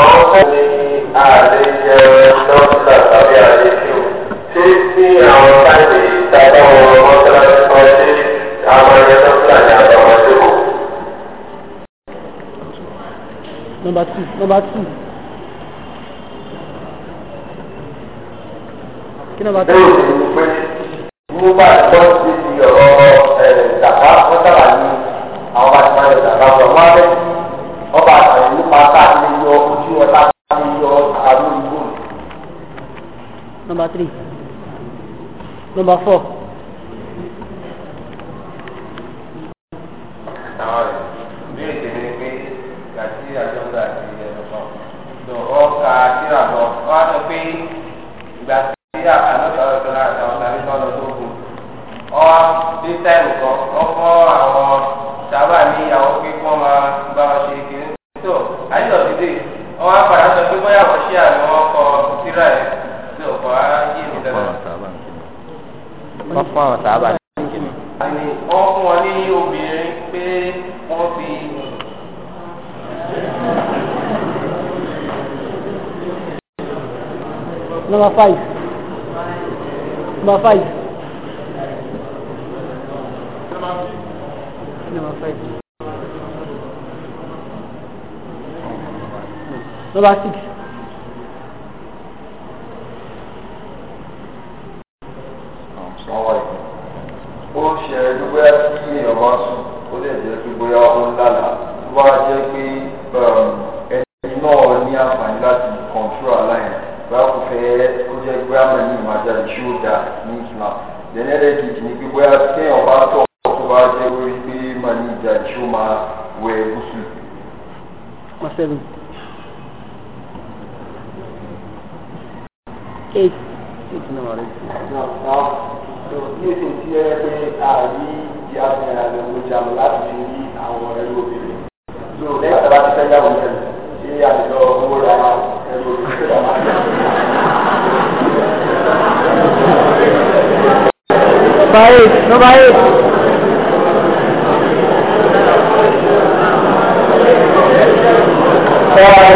àwọn fọ́ọ̀mù ní ààrẹ jẹ dókítà tàbí ààrẹ tí o ṣé tí àwọn táìlì ìtajà wọn mọ́ṣáláṣí kan ṣe àwọn ẹ̀yẹ dókítà ní àbáwọn tó Number two, number two. kí number two. bẹ́ẹ̀ ni mo pé number three number four. sábà ní kíni. wọ́n fún wọn ní obìnrin pé wọ́n fi. number five. number five. number six. ìmọ̀ àjàlè ṣé ó dà ní islam lẹ́yìn ẹlẹ́kejì ni pé bóyá kéèyàn bá tọ̀ tó bá jẹ́ orí pé màá ní ìjà ìṣó máa wẹ gúúsù. seven eight six náà rẹ. ní èsì láti fi rí àwọn ẹrú obìnrin. so bá ti fẹ́ yàwó yẹn ṣé àlejò owó ra ẹrú obìnrin tó dà máa ń yàwó. Number eight, number eight. Uh,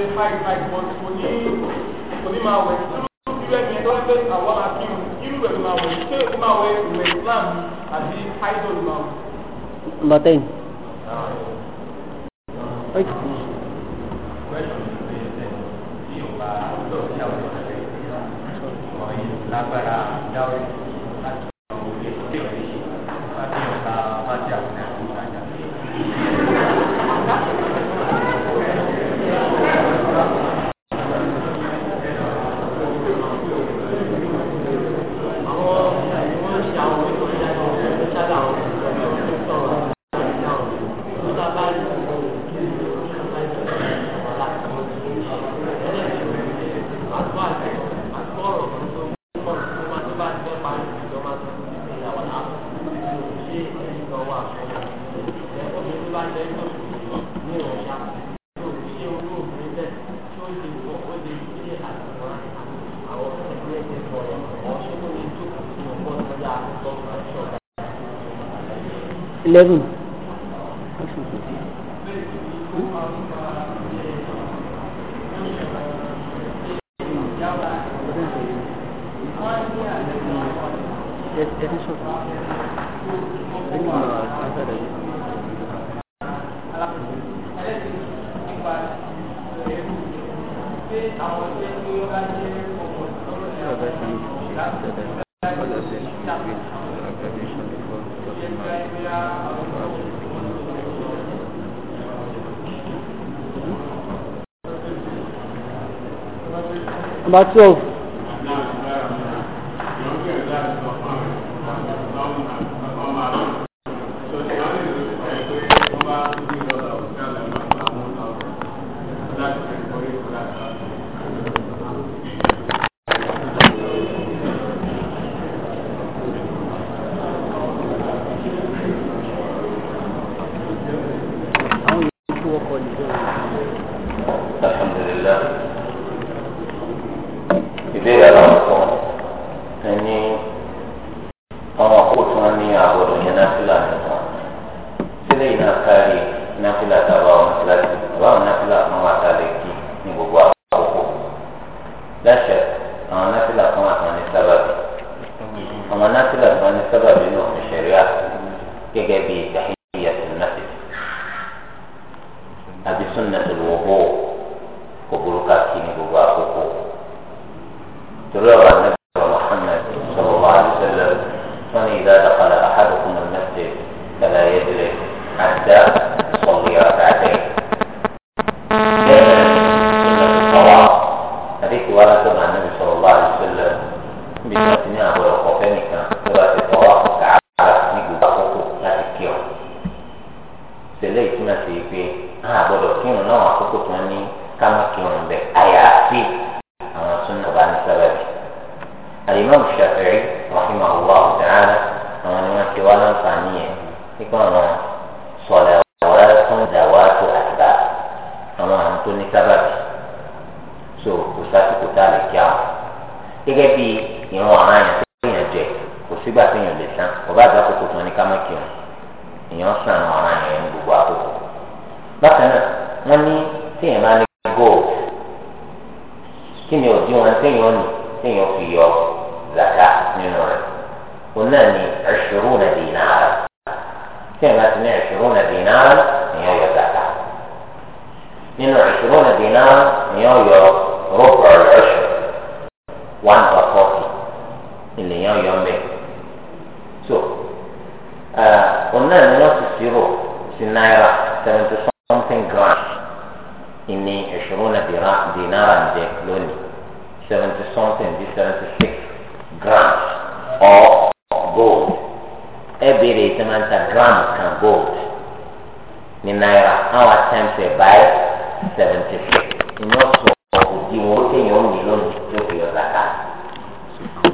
ṣe five five but kò ní kò máa wẹ̀ irú ẹni ẹni wọ́n fẹ́ àwọn akíwù irú ẹ̀ máa wẹ̀ ṣé o máa wẹ̀ ìwẹ̀ Islam àti idol máa wẹ̀. bàtẹ́yìn. lágbára dáwọ́ ìlú. eleven. number twelve. kí ni òdi wọn téèyàn ní téèyàn fi yọ zaka nínú rẹ òun náà ní ẹṣirò nà dínárà téèyàn bá ti ní ẹṣirò nà dínárà nìyẹn yọ zaka nínú ẹṣirò nà dínárà nìyẹn yọ rọpò ẹṣọ one per forty ìlẹyìn ọyọ mbẹ so òun náà ní wọn ti ṣírò sí náírà seventy something grand ìní ẹṣirò nà dínárà ń jẹ lónìí seventy something bí seventy six grams or gold ẹ béèrè ìtẹ̀mọ̀ta gram can gold ní náírà our times ẹ̀ by seventy six ìní ọ̀sọ̀ òdiwọ̀n ó kéèyàn ó nílò ní òkè ọ̀dà ká ṣùgbọ́n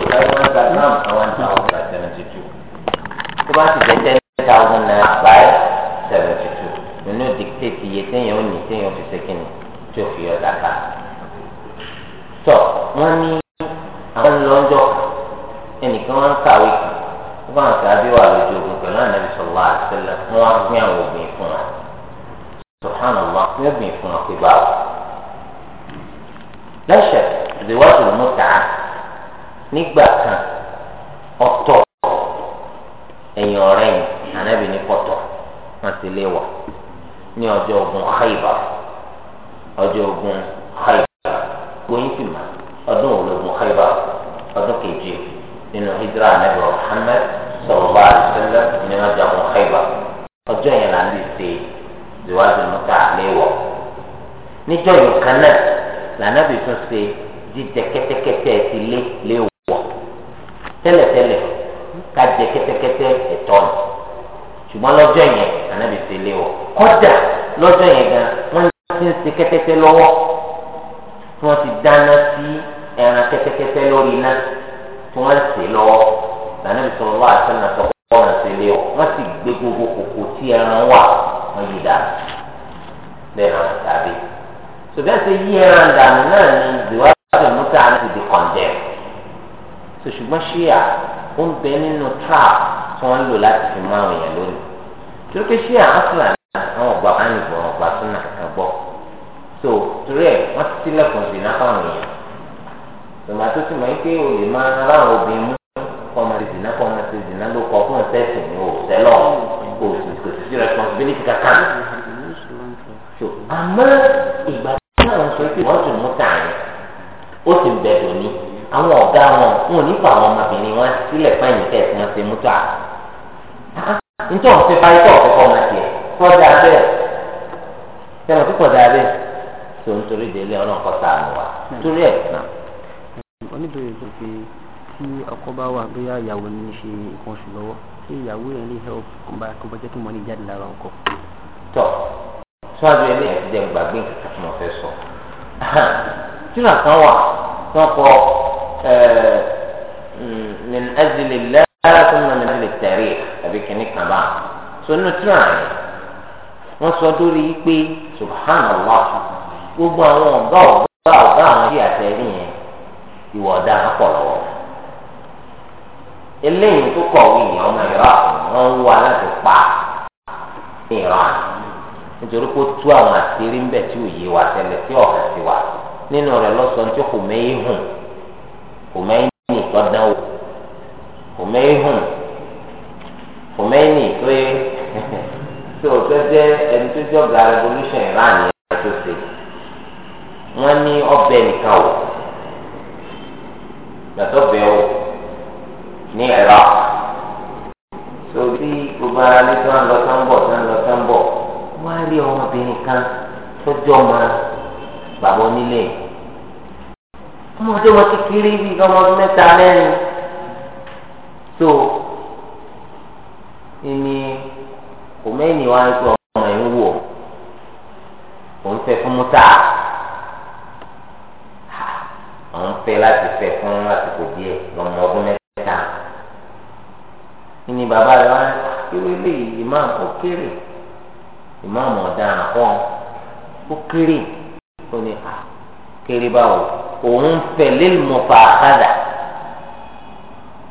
ìtẹ̀mọ̀ta gram kan one thousand by seventy two tó bá ti jẹ́ ten thousand naira buy seventy two You nínú dictate iye téèyàn ó ní téèyàn ó fi ṣe kíni tí ó fi ọ̀dà ká wọ́n ní àwọn lọ́jọ́ ẹnìkan wọn ń kàwé kí wọ́n àti abíwá lójú ogun pẹ̀lú ànábi sọ̀rọ̀ àṣẹlẹ̀ wọ́n wá gbé àwọn obìnrin fún wa sọ̀hánà wọn wọ́n obìnrin fún wa pé báwo. lẹ́sẹ̀ ìdíwájú mú tà á nígbà kan ọ̀tọ̀ ẹ̀yìn ọ̀rẹ́ yìí ànábi ní pọ̀tọ̀ wọ́n ti lé wà ní ọjọ́ ogun Khaybar ọjọ́ ogun. níjọ yìí kan náà lànàbì tún ṣe jíjẹ kẹ́tẹ́kẹ́tẹ́ ti lé lé wọ̀ tẹ́lẹ̀tẹ́lẹ̀ ká jẹ kẹ́tẹ́kẹ́tẹ́ ẹ̀tọ́ ni ṣùgbọ́n lọ́jọ́ yẹn lànàbì ṣe lé wọ̀ kọ́dà lọ́jọ́ yẹn gan wọ́n ti ń ṣe kẹ́tẹ́kẹ́tẹ́ lọ́wọ́ yíyẹ ẹran náà ni ìgbéwá tó mú tá a ní ìdí kọ̀ǹdẹ̀ tó ṣùgbọ́n ṣíà ó ń bẹ nínú trap tí wọ́n ń lò láti fi mú àwọn èèyàn lónìí torí pé ṣíà áfúlà àwọn ọgbà á ní ìbọn ọgbà tó nà kankan gbọ́ so torí ẹ̀ wọ́n ti tilẹ̀kùn sí iná fáwọn èèyàn tòmá tó ti mọ̀ yín pé o lè máa ráwọn obìnrin mú kọ́mọ ti dìnnà kọ́mọ ti dìnnà ló kọ́ fún ẹ̀sẹ̀ ní òtẹ́lọ̀ kò sí responsibility kankan. àmọ́ ìgbà ó sì ń bẹ̀rù ní àwọn ọ̀gá wọn wọn ò ní fa àwọn ọmọbìnrin wọn sílẹ̀ fún ẹ̀yìn tẹ̀sí wọn ṣe mú tó à. nítorí wọn fi parí tọ́ọ̀ fọ́fọ́ máa tiẹ̀ kọjá bẹ́ẹ̀ sẹ́wọ̀n tó kọjá bẹ́ẹ̀ tó ń torí délé ọ̀nà kọ́ta àmì wa torí ẹ̀ náà. oníbèrè sọ pé tí ọkọ bá wà bóyá ìyàwó ní í ṣe nǹkan oṣù lọ́wọ́ ṣé ìyàwó yẹn lè help bá kó bá jẹ́ kí mọ́ni jáde lára ọkọ. tọ́ síwájú ẹ tíra kan wà tí wọ́n kọ min azili lẹ́yìn tó ń min azili tẹ̀rí àbí kìnnì kan bá so nínú tíra yẹn wọ́n sọ lórí pé subhanallah gbogbo àwọn ọ̀gá ọ̀gá ọ̀gá àwọn tí àtẹ̀rí yẹn ìwà ọ̀daràn pọ̀ lọ́wọ́ eléyìí tó kọ̀wé ìyẹn ọmọ iraq wọn ń wá láti pa iraq nítorí pé ó tú àwọn àṣírí ń bẹ tí ò yé wa tẹ́lẹ̀ tí ọ̀hún ti wà nínú rẹ̀ lọ́sọ̀ tí kòmẹ́yì hùn kòmẹ́yì ní ìtọ́dán wò kòmẹ́yì hùn kòmẹ́yì ní pé tí o fẹ́ jẹ́ ẹni tó jọ ga revolution Iran yẹn tó ṣe wọ́n ní ọbẹ̀ nìkan wò gbàtọ́ bẹ́ẹ̀ wò ní Iraq torí gbogbo ara ní tí wọ́n lọ sáńbọ̀ tí wọ́n á rí ọmọbìnrin kan tó jọ máa bàbá onílé ọmọdé wọn kékeré kiri ọmọ ọdún mẹ́ta lẹ́nu tó ìní kò mẹ́ni wá sọ ọmọ ẹ̀ ń wò òun fẹ́ fún mútà òun fẹ́ láti fẹ́ fún àsìkò díẹ̀ lọ́mọ ọdún mẹ́ta ìní bàbá rẹ̀ wá kéwé ah, lè ìmáàmù ó kéré ìmáàmù ọ̀daràn kan ó kéré. ó ní à kéré báwo òun fẹ lélùmọ̀fà àkàdà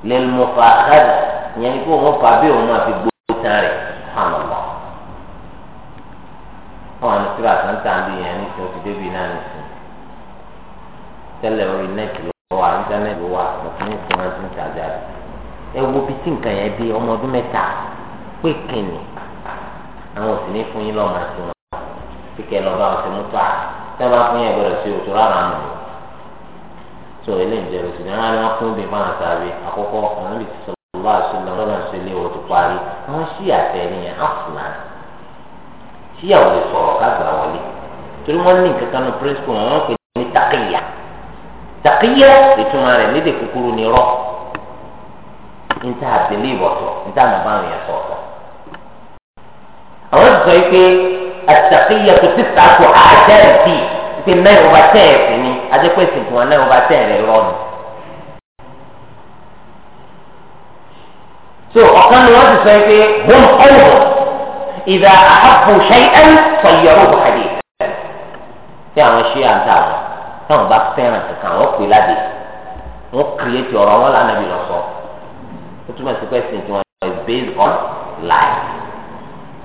lélùmọ̀fà àkàdà ìyẹn kó òun fà bí òun máa fi tán rẹ hàn lọ. wọn àwọn ìṣúra àtúntà bí ìyẹn ní ìṣòro ti débi náà ní ìṣòro tẹ́lẹ̀ orí nẹ́ẹ̀kì ló wà ló wà ní ti ń tàjà ẹ wo bí tí nǹkan yẹn bí ọmọ ọdún pé kìnnì àwọn ní fún yín lọ́mọ àti wọn kíkẹ́ tẹ́lá fún yẹn gbọdọ̀ sí òtún rárá nù o tó eléyìí jẹ́ òsì náà ni wọ́n fún bí máa tàbí àkọ́kọ́ ọ̀nà bìí sọ lọ́wọ́ àṣìlọ lọ́nà sí ilé wọ́n ti parí wọ́n sí àtẹ̀yìn àfúnà síyàwó lè sọ̀rọ̀ kágbà wọlé torí wọ́n ní nǹkan kan ní pírísìpù wọn wọ́n pè ní takíyà takíyà ìtumọ̀ rẹ̀ lédè kúkúrú ni rọ́ níta àbẹ̀lẹ̀ ìwọ̀sọ̀ níta àmọ̀ báwọn àwọn ti sọ àtàkìyàtò títà tó àjẹrì bíi pé náà ìwọba tẹ̀ ẹ̀ sí ni adékòó ìsìnkú wọn náà ìwọba tẹ̀ rẹ̀ rọ̀ so ọ̀kan ni wọ́n ti sọ pé wọ́n ọ̀wọ̀ ìdá àhàbù ṣẹ́yìn sọ̀yọ̀rọ̀ bùkàdé. tí àwọn ṣí àǹtà wọn táwọn bá fẹ́ràn kankan wọ́n pè ládé wọ́n kìrìẹ́tì ọ̀rọ̀ wọn lánàá bí lọ sọ ó túmọ̀ sí pé ẹ̀sìn tí wọ́n is based on life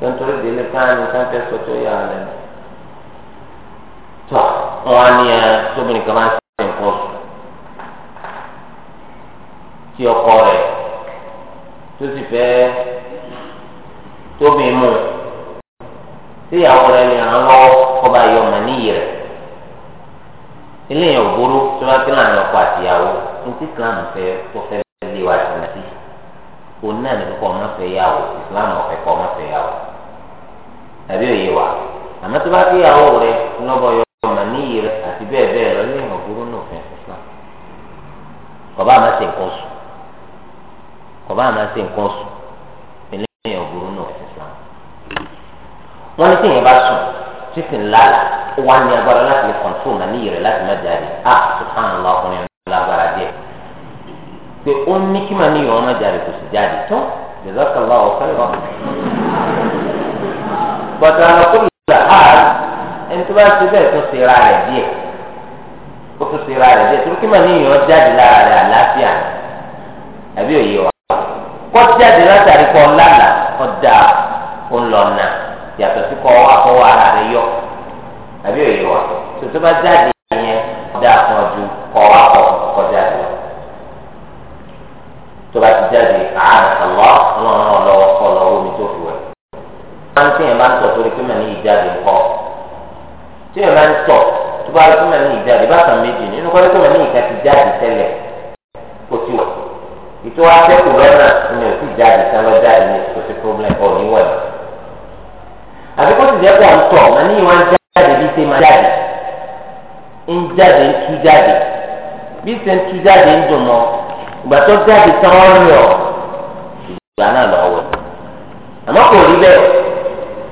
nítorí délé káàní káńtẹ́ sọ́tò yà á lẹ́nu. tọ́ wọn á ní ẹ tóbìnrin kan máa ń ṣe nǹkan oṣù tí ọkọ rẹ̀ tó sì fẹ́ tóbi mú tíyàwó rẹ̀ lè ràn lọ́wọ́ kọ́ bá yọ ọmọ níyì rẹ̀ eléyàn òbúrú tí wọ́n ti lànà ọkọ àtìyàwó ní Islam fẹ́ tó fẹ́ lé wa sí òun náà ní kọ́ ọmọ fẹ́ yà wò Islam ọ̀fẹ́ kọ́ ọmọ fẹ́ yà wò àbí òye wa àmọ́ tó bá fi ìyàwó rẹ lọ́bọ̀ yọ ọmọ níyì rẹ àti bẹ́ẹ̀ bẹ́ẹ̀ rẹ ní ìhàn burú náà fẹ́ Islam kọ̀bá àmọ́ ṣe nǹkan sùn kọ̀bá àmọ́ ṣe nǹkan sùn ilé ìhàn burú náà fẹ́ Islam. wọ́n ní tí ìyẹn bá sùn tí sì ń lálà ó wá ní agbára láti lè kọ̀ǹtò ọmọ níyì rẹ láti má jáde á ah, subhanallah ọkùnrin lágbára díẹ̀ pé ó ní kí màá níyì ọmọ jáde kò sì jáde tó jazaakallahu bọ̀tà ọkùn làhàd ẹni tó bá ti bẹ́ẹ̀ tó ṣe ra rẹ̀ díẹ̀ ó tó ṣe ra rẹ̀ díẹ̀ torí kí màá níyàn jáde lára rẹ̀ àlàáfíà àbí òye wa kọ́ jáde látàrí kọ́ lálà kọ́ da ńlọ́nà yàtọ̀ sí kọ́ wá rẹ̀ yọ àbí òye wa tòtò bá jáde. àníyàn wá ń jáde bí ṣe máa jáde ń jáde ń tú jáde bí ṣe ń tú jáde ń dùn mọ́ ìgbà tó jáde tán wọ́n ń yọ ìgbà náà lọ wẹ̀ àmọ́ kò rí bẹ́ẹ̀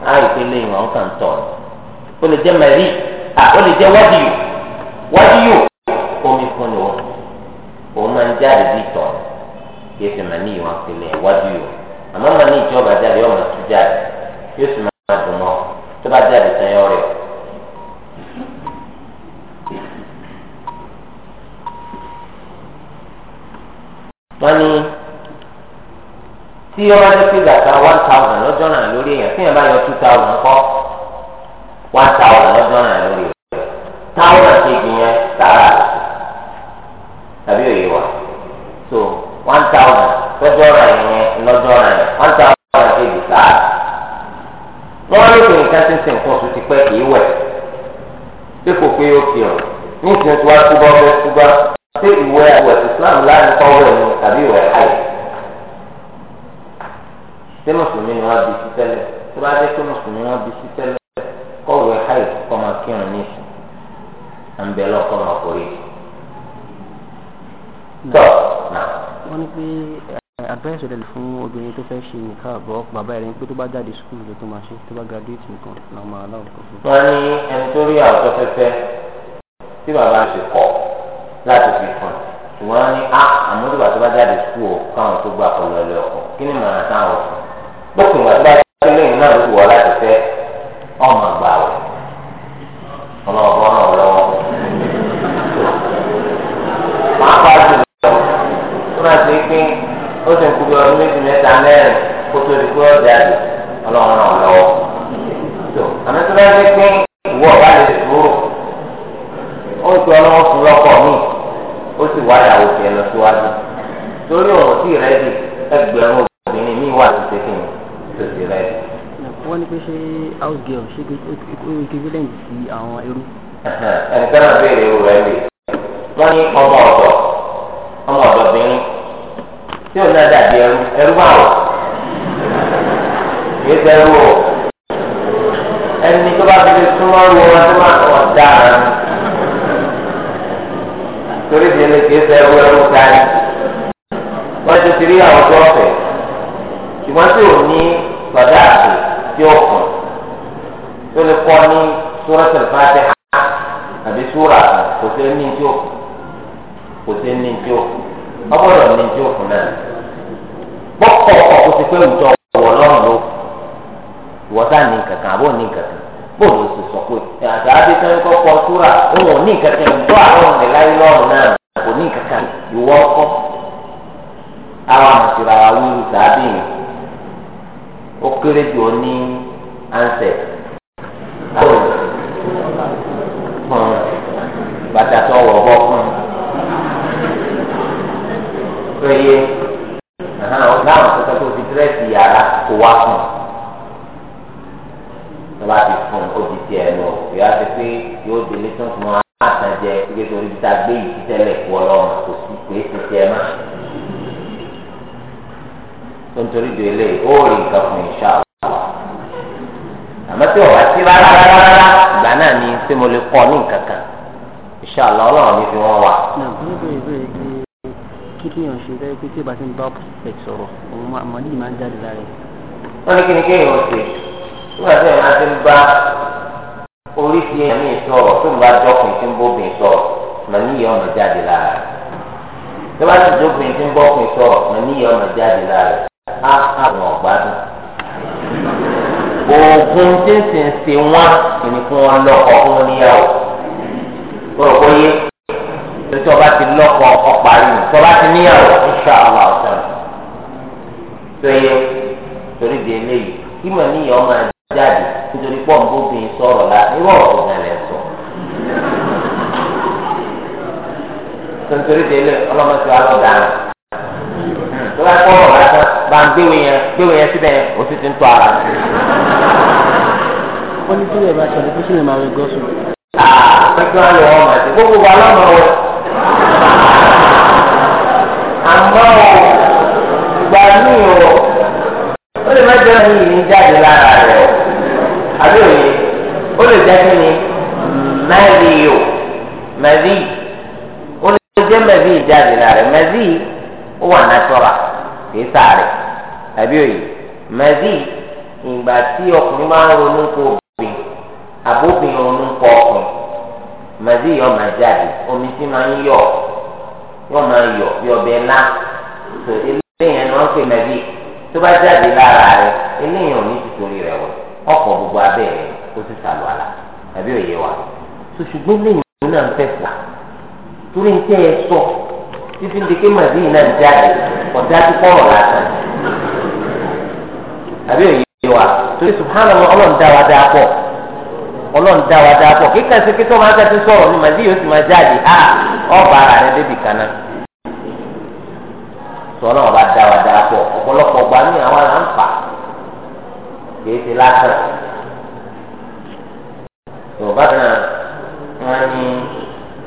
á rí pé lẹ́yìn wọn kàn tọ̀ ó lè jẹ́ mẹ́rì à ó lè jẹ́ wádìí wádìí omi fún ni wọ́n òun máa ń jáde bí tọ̀ kí ẹ fi màá ní ìwọ̀n sílẹ̀ wádìí àmọ́ màá ní ìjọba jáde ọmọ tó jáde yóò sì máa dùn mọ́ tó bá jáde sẹ́yìn ọ̀rẹ́ wọ́n ní tí ọba ní sí gàtà one thousand lọ́jọ́ náà lórí èèyàn tí èèyàn bá yọ two thousand kọ́ one thousand lọ́jọ́ náà lórí èèyàn thousand kejì. pẹ́ kì í wẹ̀ ṣé kò pé ó fi hàn ní ìsìn tí wàá túbọ̀ fẹ́ túbọ̀ ṣé ìwẹ̀ àwẹ̀ láàrin ni tàbí ìwẹ̀ àyè ṣé mùsùlùmí ni wọ́n bí sí tẹ́lẹ̀ tó bá jẹ́ mùsùlùmí wọ́n bí sí tẹ́lẹ̀ advice rẹ̀ fún obìnrin tó fẹ́ ṣe nìkan àbọ̀ bàbá rẹ̀ pé tó bá jáde sukùl ló tó máa ṣe tó bá graduate nìkan náà máa láwùjọ fún. wọ́n ní ẹni tó rí àwùjọ fẹ́fẹ́ tí bàbá ṣe kọ̀ láti fi kàn ṣùgbọ́n ní a ah, àmọ́ tó bá tó bá jáde sukùl káwọn tó gbà kọ́ lọ́lẹ́ ọkọ̀ kí ni màá ọkọ mi ó sì wá ìyàwó tiẹ̀ lọ síwájú torí ọ̀rọ̀ tí rẹ di ẹgbẹ̀rún obìnrin mi wà ní sẹ́kìn tó ti rẹ di. wọ́n ní pé ṣé house girl ṣé equivalent sí àwọn ẹrú. ẹnìkan náà béèrè irú rẹ lè wọ́n ní ọmọ ọ̀dọ́ ọmọ ọ̀dọ́bìnrin tí ò náà dàbí ẹrú ẹrú bá wọ̀ yé ẹrú o ẹni tó bá fi lè súnmọ́ ru wọn tó máa ń wọ̀ dáa torí ti lè kéé sẹ́wó ẹrú dání. wọ́n ti rí àwọn tó ọ̀fẹ́ ṣùgbọ́n tí ò ní gbọ̀dá àti tí ó kàn tó lè kọ́ ní sórọ́tẹ̀ fàtẹ́ àbí sóra kò sí ní tí ó kò sí ní tí ó ọgbọ́dọ̀ ní tí ó kùn náà. bọ́kọ̀ ọkọ̀ kò sí pé òjò wọ̀ lọ́rùn ló wọ́tá ní kankan àbọ̀ ní kankan bóòlù sì sọ pé àti àdéhùn ẹni kọ́kọ́ túra òun ò ní kankan ìgbọ́ àwọn ọ̀nà láyé lọ́rùn náà kò ní kankan ìwọ ọkọ́ àwọn àmọ̀tìrà wa wíwú sàábì mi ó kéré jù ó ní ansẹ̀ àwọn bàtà tó wọ̀ bọ́ fún un péye láwọn kọ́kọ́ tó fi dírẹ́sì yàrá kó wá fún un wọn bá ti fún un ó di tiẹ̀ lọ kí á ti pé yóò délé tó ń fún wọn á tàn jẹ kí torí bí ta gbé yìí tẹ́lẹ̀ kú ọlọ́run kò sí pé ti tiẹ̀ má. tó ń torí délé ó rí nǹkan fún ìṣá àmọ́ tí ọ̀wá sí rárá rárá ìgbà náà ni tí mo lè kọ́ ní nǹkan kan ìṣá ọlọ́run mi fi wọ́n wà kéèyàn ṣe fẹ́ pé tí ìbá ti ń bá ọ̀pọ̀ sọ̀rọ̀ òun máa mọ̀ ní ìmáa ń jáde lára ẹ̀. wọ́n ní kí kéèyàn ṣe nígbà tí èèyàn ti ń bá oríṣi ẹ̀mí sọ̀rọ̀ tó ń bá dọ́kùn tí ń bóbin sọ̀rọ̀ mà níyà ọ̀nà jáde lára rẹ̀ tó ti dóbin tí ń bọ́kùn sọ̀rọ̀ mà níyà ọ̀nà jáde lára á àwọn ọ̀gbádùn. oògùn tí ń sìn ṣe wọ́n ìní fún wọn lọ́kọ̀ fún wọn níyàwó kúrò kó yé tó tí ọba ti lọ́kọ̀ ọ̀parí nù tó bá ti níyàwó insha Allah ọ̀sán tó yẹ torí di eléyìí jáde nítorí pọ̀ ń bóde sọ̀rọ̀ la irú ọ̀rọ̀ gan lẹ̀ sọ. nítorí délé ọlọ́mọdé wa lọ dáná tó bá kọ́ ọ̀rọ̀ lásán bá ń gbéwèé yẹn gbéwèé yẹn síbẹ̀ ó sì ti ń tọ́ ara. wọ́n ní sílẹ̀ bá ṣàlùkù sílẹ̀ máa wẹ gọ́sùn. àpẹẹrẹ wọn lọ wọn máa ṣe gbogbo wa lọ́mọ wọn. àbí iná jáde ọ̀dà tó kọ̀rọ̀ lásán àbí òye wa torí subhana wọn ọlọ́run dá wa dá pọ̀ ọlọ́run dá wa dá pọ̀ kíkà sí kíkọ́ máa tẹ́tí sọ̀rọ̀ ní màdí yóò sì máa jáde á ọba ara rẹ débi kaná sọ̀rọ̀ ọba dá wa pọ̀ ọ̀pọ̀lọpọ̀ gba ní àwọn àlà kìí ti lásán yorùbá náà wọn ní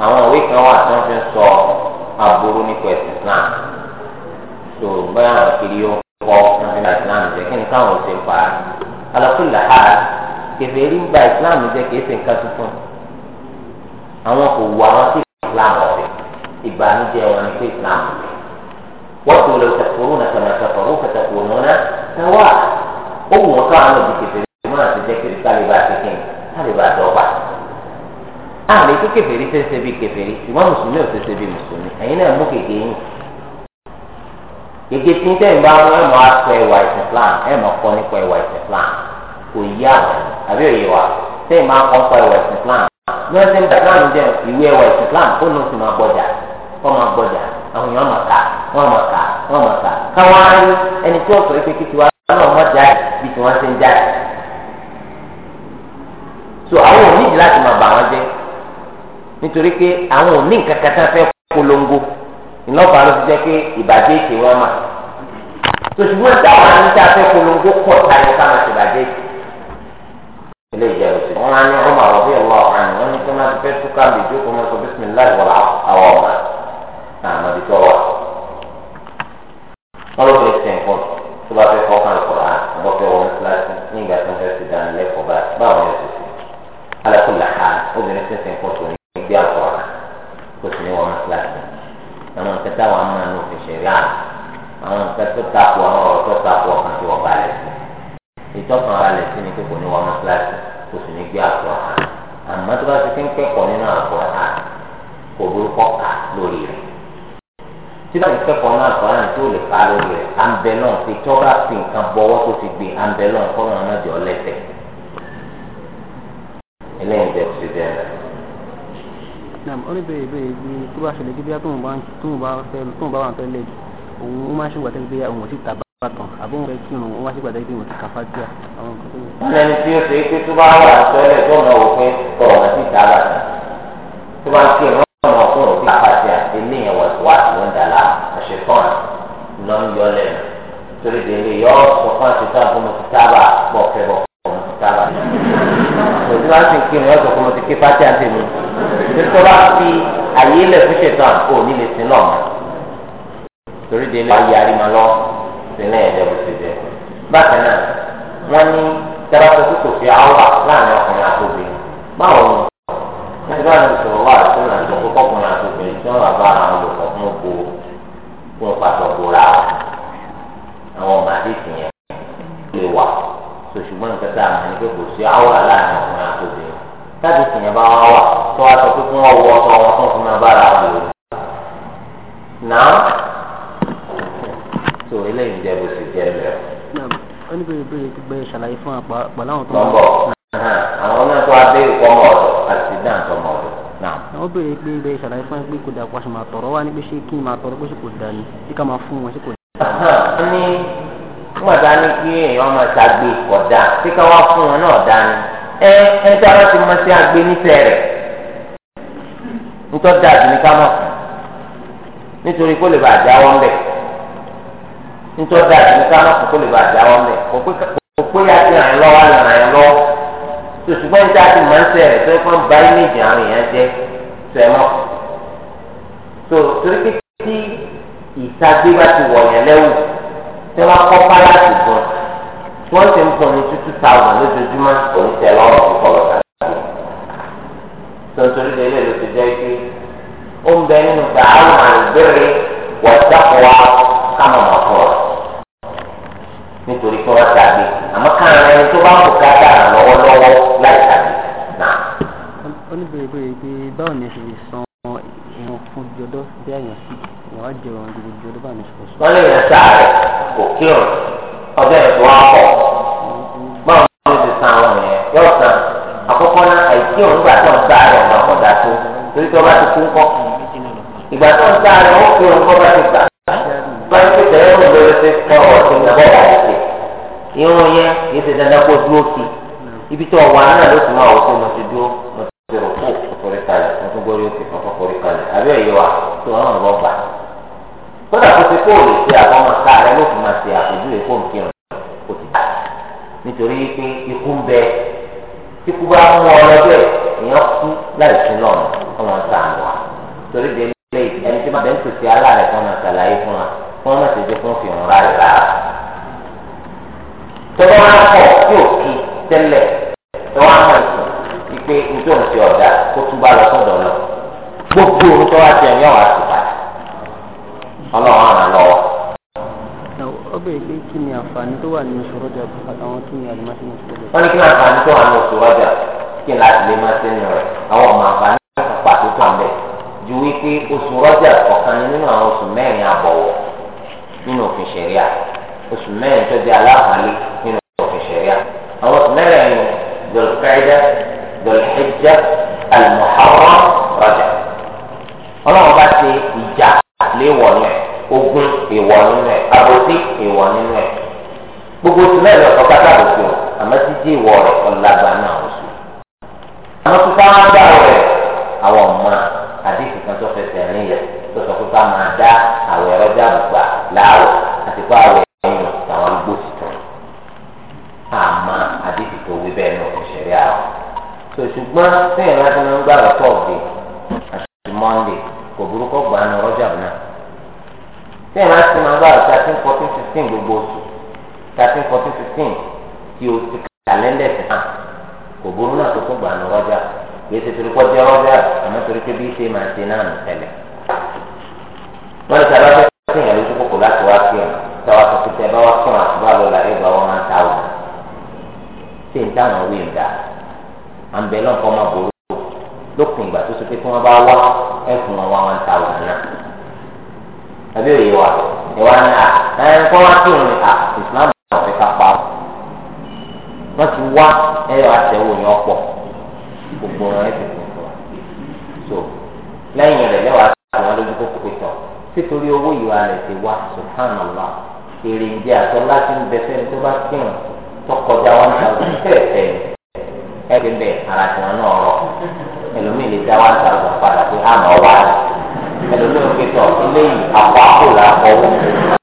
àwọn òwe kan wà tí wọn fi ń sọ aburú nípa ẹ̀sìn islam tó báyà wọn kiri yóò kọ́ nípa islam jẹ́ kí ni káwọn ò ṣe ń pa á alákùlà á kẹfẹ́ rí gba islam jẹ́ kí ẹ̀sìn ká tuntun àwọn kò wọ àwọn sí islam ọ̀fẹ́ ìbànújẹ́ wọn ní pé islam wọ́n tó lè tẹ̀kọ́rọ́ náà tẹ̀lé tẹ̀kọ́rọ́ fẹ̀tẹ̀kọ́ náà tẹ̀wá ó wù wọ́n káwọn ọ̀dùn kẹfẹ́ rí wọn àti jẹ́ kí kálíbà àmì kí kèfèrí ṣeéṣe bí kèfèrí ṣùgbọ́n mùsùlùmí ò ṣeéṣe bí mùsùlùmí ẹ̀yin náà mú gègé yín gègé tí tẹ́yìn bá wọn ẹ̀mọ́ akọ ẹ̀wà ìsìn plan ẹ̀mọ́ kọ́ nípa ẹ̀wà ìsìn plan kò yí àwọn àbí òye wa tẹ́yìn máa kọ́ nípa ẹ̀wà ìsìn plan ní wọ́n ti ń dàgbà ń jẹ ìwé ẹ̀wà ìsìn plan kó ní o sì máa gbọ́jà kó máa gbọ́jà àwọn èèyàn máa kà wọ́n máa kà wọ́n máa kà káwọn ẹni nítorí pé àwọn ò ní nǹkan kan tá a fẹ́ polongo ìlọ́pàá ló fi jẹ́ pé ìbàjẹ́ ètè wọn mà tòṣùwọ́n dáhùn àwọn tá a fẹ́ polongo pọ̀ táyọ̀ ká máa ṣèbàjẹ́ ètè ilé ìjẹun sí wọn á ní ọmọ àwọn bí ọlọ àwọn àná wọn ní kí wọn ti fẹ́ túká lè jókòó mọ́ sọ bísímìláì wọlá àwọn ọmọ náà àmọ́ ibi tó wà wọn ló fẹ́ sìn fún tó bá fẹ́ fọ́ ṣẹlẹ̀ bí bíyà tóun bá wà fẹ́lẹ̀ òun ó máa ṣe gbàtẹ́ bíyà òun ò sì tà bá tán àbóhùn fẹ́ kí òun ó máa ṣe gbàtẹ́ bíyà òun ti kàfá díà àwọn nǹkan tó wù. ẹni tí ó ṣe é pé tó bá wà sọ́lẹ̀ tó náà wò pé ọ̀rọ̀ ti dá bà tán tó bá ń kí ẹ̀rọ ọmọ fún òun ti kàfá díà ilé yẹn wọ̀ wá ló ń dàlá ọ̀ṣẹ̀ fún lọ ń yọ lẹ̀ torí dèrè yọ sọ fún àti sáà fún mo ti tábà bọ̀ fẹ́ fi àyè lẹ̀ fún ṣètàn ò ní lè sin náà mọ́ torí de lè wáyé arí máa lọ sílẹ̀ ẹ̀jẹ̀ bó ti jẹ́ bákan náà wọ́n ní dábàá tó kò fi àwọn láàrin ọkùnrin àti obìnrin báwo ni wọ́n ti bá àwọn ìṣòro wà pẹ̀lú àwọn tó ń bọ̀. àwọn náà tó abéèrè kọ́mọ ọ̀dọ̀ àti dáhùn tọmọ ọ̀dọ̀ náà. àwọn béèrè pé ibẹ̀ ìṣàlàyé fún ẹ pé kò dà pa ṣe máa tọrọ wá ní pé ṣé kí n máa tọrọ pé ṣe kò dà ní bí ká máa fún wọn ṣe kò dà. ó ní mọ̀dá ní kí èèyàn máa ṣàgbé ọ̀dà tí ká wá fún wọn náà dá ní. ẹ ẹ tí a bá ti mọ sí àgbé nífẹ̀ẹ́ rẹ̀ nítorí dáàbì ní ká mọ̀ nítorí kó lè bá àjáwọ́ bẹ̀ nítorí dáàbì ní ká mọ̀ kó lè bá àjáwọ́ bẹ̀ kò òpóyà ti ràn án lọ́wọ́ àlànà ẹ̀ lọ ṣùgbọ́n níta ti máa ń sẹ̀rẹ̀ tó fẹ́ ba ìmẹ̀jì àwọn èèyàn jẹ́ sẹ́mọ́ tó torí pé tí ìtagbé bá ti wọ̀ yẹn lẹ́wù tí wọ́n kọ́ pálásì gan tí wọ́n ti ń pọ̀ ní tútù táwọn lójoojúmọ́ òun tẹ̀ lọ́rọ̀ ìkọlọ̀ tàbí tó torí lélẹ̀ ló ti jẹ́ pé ó ń bẹ nínú gbàgbọ́ àrùn bẹ́rẹ̀ wọ̀ nítorí pé wọ́n tàbí àmọ́ káàrin ẹni tó bá ń bùkà dára lọ́wọ́lọ́wọ́ láì tàbí náà. oníbèrèbèrè pé báwo ni ṣe san ìrun fún jọdọ bí àyàn sí ìwà jẹ ọrùn gbogbo jọdọ bá mi sọ. wọ́n lè yàn sáré kò kírun ọbẹ̀ ẹ̀dùn akọ báwo ni ṣe san àwọn yẹn yóò san àkọ́kọ́ náà àìkírun nígbà tó ń sáré ọ̀nà ọ̀dà tó torí tó bá ti kú ńkọ́ ìgbà tó ń sáré ó kírun kọ́ bá ti gbà báyìí pé tẹ̀lé ń lọ sí ọ̀rọ̀ ìgbà bọ́ọ̀ irun yẹn yìí ti dandan kó dúró kí ibi tí ọwọ́ àná ló ti máa wọ pé mo ti dúró mo ti rò kó forí kalẹ̀ mo tún gbórí òkè kankan forí kalẹ̀ àbí ẹ̀yẹ wa tó wọn lọ gbà. kódà kó ti kó o lè ṣe àbọ̀mọ̀ ká rẹ ló fi máa ṣe àpèjúwe fóun kírun kò ti dá nítorí pé ikú ń bẹ tí kú bá mú ọ lọ bẹ́ẹ̀ èèyàn kú láì sí lọ́nà ọmọ sáà wà torí tọ́lọ́ wá kọ̀ tí ò kí tẹ́lẹ̀ tọ́wọ́ á hàn sí wípé nítorí òun ti ọ̀dà kó tún bá lọ sọ́dọ̀ náà gbogbo ohun tó wá jẹun yóò wá sí padà ọlọ́run àràn lọ́wọ́. ọbẹ̀ ilé kí ni àǹfààní tó wà nínú sọ̀rọ̀ jà àtàwọn kí ni àlùmọ́ sí ní sọ̀rọ̀ jà. wọ́n ní kí ni àǹfààní tó wà nínú sọ̀rọ̀ jà kí ni láti lè máa ṣe nínú rẹ̀ àwọn ọmọ àǹfààní pàtó tó bẹ̀ ju wípé oṣù rọ́jà ọ̀kan nínú àwọn oṣù mẹ́rin àbọ̀wọ̀ nínú òfin ṣẹ̀ríà oṣù mẹ́rin tó di aláàbálẹ̀ ìjà àlùmọ̀hárán rọjà ọlọ́run bá ṣe ìjà léwọ̀ nù ẹ̀ ogun èèwọ̀ nínú ẹ̀ àbòsí èèwọ̀ nínú ẹ̀ gbogbo tí náà lọ́kọ̀ bá dàbòsí o àmọ́ títí ìwọ̀ rẹ̀ ọ̀làgbà náà ò sùn. àwọn tó sáwọn dá rẹ̀ àwọn ọ̀ma àdéhùn kan tó fẹsẹ̀ rìn yẹ tó sọ pé ká máa dá wọn ẹ̀ sì fún fún wa so lẹ́yìn rẹ̀ lẹ́wà àwọn lójú kókó pẹ̀tọ̀ títorí owó ìwà rẹ̀ ti wá subhanallah èrè ìdí àtọ́ láti ń bẹ sẹ́ni tó bá kírun tó kọjá wọn náà fẹ́ẹ̀fẹ́ ẹgbẹ́ bẹ́ẹ̀ ara tí wọn náà rọ ẹlòmíì lè dá wọn ta ọgbà padà pé àmọ́ wá ẹlòmíì ń pẹ̀tọ̀ eléyìí àpò àpò làkọ̀wọ́